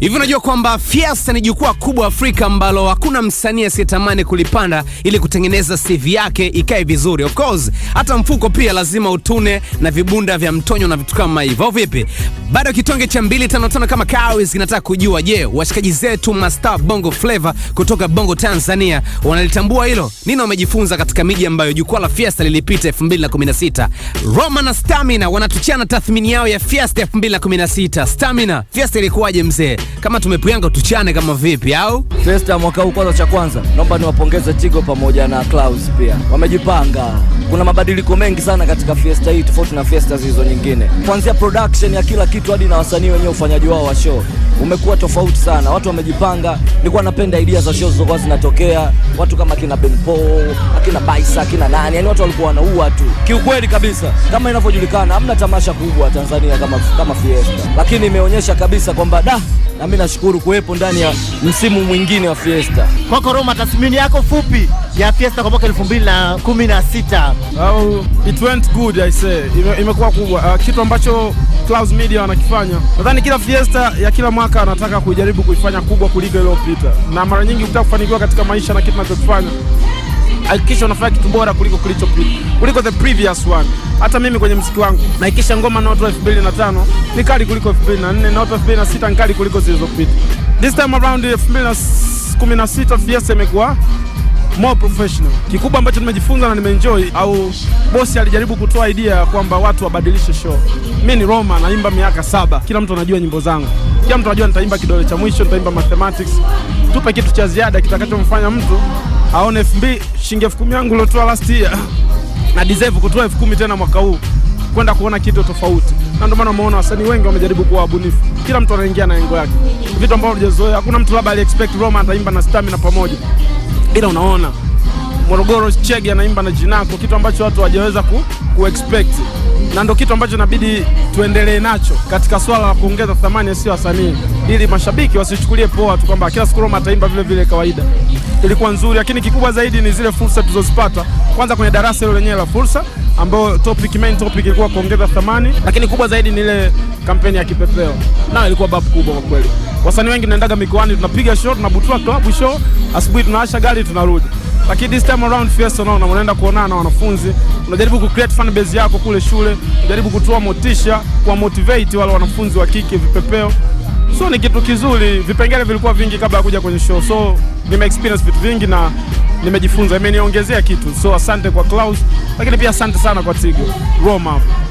Hivi unajua kwamba Fiesta ni jukwaa kubwa Afrika ambalo hakuna msanii asiyetamani kulipanda ili kutengeneza CV yake ikae vizuri. Of course, hata mfuko pia lazima utune na vibunda vya mtonyo na vitu kama hivyo. Au vipi? Bado kitonge cha 255 kama kawis kinataka kujua, je, washikaji zetu masta Bongo flavo kutoka Bongo Tanzania wanalitambua hilo? Nini wamejifunza katika miji ambayo jukwaa la Fiesta lilipita 2016? Roma na Stamina wanatuchana tathmini yao ya Fiesta 2016. Stamina, Fiesta ilikuwaje mzee? kama tumepuyanga tuchane kama vipi au? Testa mwaka huu kwanza, cha kwanza naomba niwapongeze Tigo pamoja na Klaus pia. Wamejipanga. Kuna mabadiliko mengi sana katika Fiesta hii tofauti na Fiesta zilizo nyingine. Kuanzia production ya kila kitu hadi na wasanii wenyewe ufanyaji wao wa show umekuwa tofauti sana, watu wamejipanga. Nilikuwa napenda idea za shows zilizokuwa zinatokea, watu kama akina Benpo, akina Baisa, akina nani, yani watu walikuwa wanaua tu kiukweli kabisa. Kama inavyojulikana, hamna tamasha kubwa Tanzania kama, kama Fiesta, lakini imeonyesha kabisa kwamba da na mimi nashukuru kuwepo ndani ya msimu mwingine wa Fiesta. Kwako Roma, tathmini yako fupi ya Fiesta kwa mwaka 2016? Oh, it went good I say. Imekuwa ime kubwa. Uh, kitu ambacho Clouds Media wanakifanya. Nadhani kila Fiesta ya kila mwaka mwaka anataka kujaribu kuifanya kubwa kuliko iliyopita, na mara nyingi ukitaka kufanikiwa katika maisha na kitu unachofanya, hakikisha unafanya kitu bora kuliko kulicho kuliko the previous one. Hata mimi kwenye mziki wangu nahakikisha ngoma naotoa 2005 ni kali kuliko 2004, naotoa 2006 ni kali kuliko zilizopita. This time around 2016 Fiesta imekuwa more professional. Kikubwa ambacho nimejifunza na nimeenjoy, au bosi alijaribu kutoa idea kwamba watu wabadilishe show. Mimi ni Roma, naimba miaka saba, kila mtu anajua nyimbo zangu. Kila mtu anajua nitaimba kidole cha mwisho, nitaimba mathematics. Tupe kitu cha ziada kitakachomfanya mtu aone elfu mbili shilingi elfu kumi yangu nilotoa last year na deserve kutoa elfu kumi tena mwaka huu kwenda kuona kitu tofauti, na ndio maana umeona wasanii wengi wamejaribu kuwa wabunifu. Kila mtu anaingia na lengo yake, vitu ambavyo hujazoea. Hakuna mtu labda ali expect Roma ataimba na Stamina pamoja, ila unaona Morogoro Chege anaimba na Jinako, kitu ambacho watu hawajaweza ku, ku expect na ndo kitu ambacho inabidi tuendelee nacho katika swala la kuongeza thamani sio wasanii, ili mashabiki wasichukulie poa tu kwamba kila siku Roma ataimba vile vile kawaida. Ilikuwa nzuri, lakini kikubwa zaidi ni zile fursa tulizozipata, kwanza kwenye darasa hilo lenyewe la fursa, ambayo topic main topic ilikuwa kuongeza thamani, lakini kubwa zaidi ni ile kampeni ya kipepeo, nayo ilikuwa babu kubwa kwa kweli. Wasanii wengi tunaendaga mikoani, tunapiga show, tunabutua club show, asubuhi tunaasha gari, tunarudi lakini this time around Fiesta unaona, unaenda kuonana na wanafunzi, unajaribu ku create fan base yako kule shule, unajaribu kutoa motisha, kuwa motivate wale wanafunzi wa kike vipepeo. So ni kitu kizuri, vipengele vilikuwa vingi kabla ya kuja kwenye show, so nime experience vitu vingi na nimejifunza, imeniongezea kitu. So asante kwa Klaus, lakini pia asante sana kwa Tigo Roma.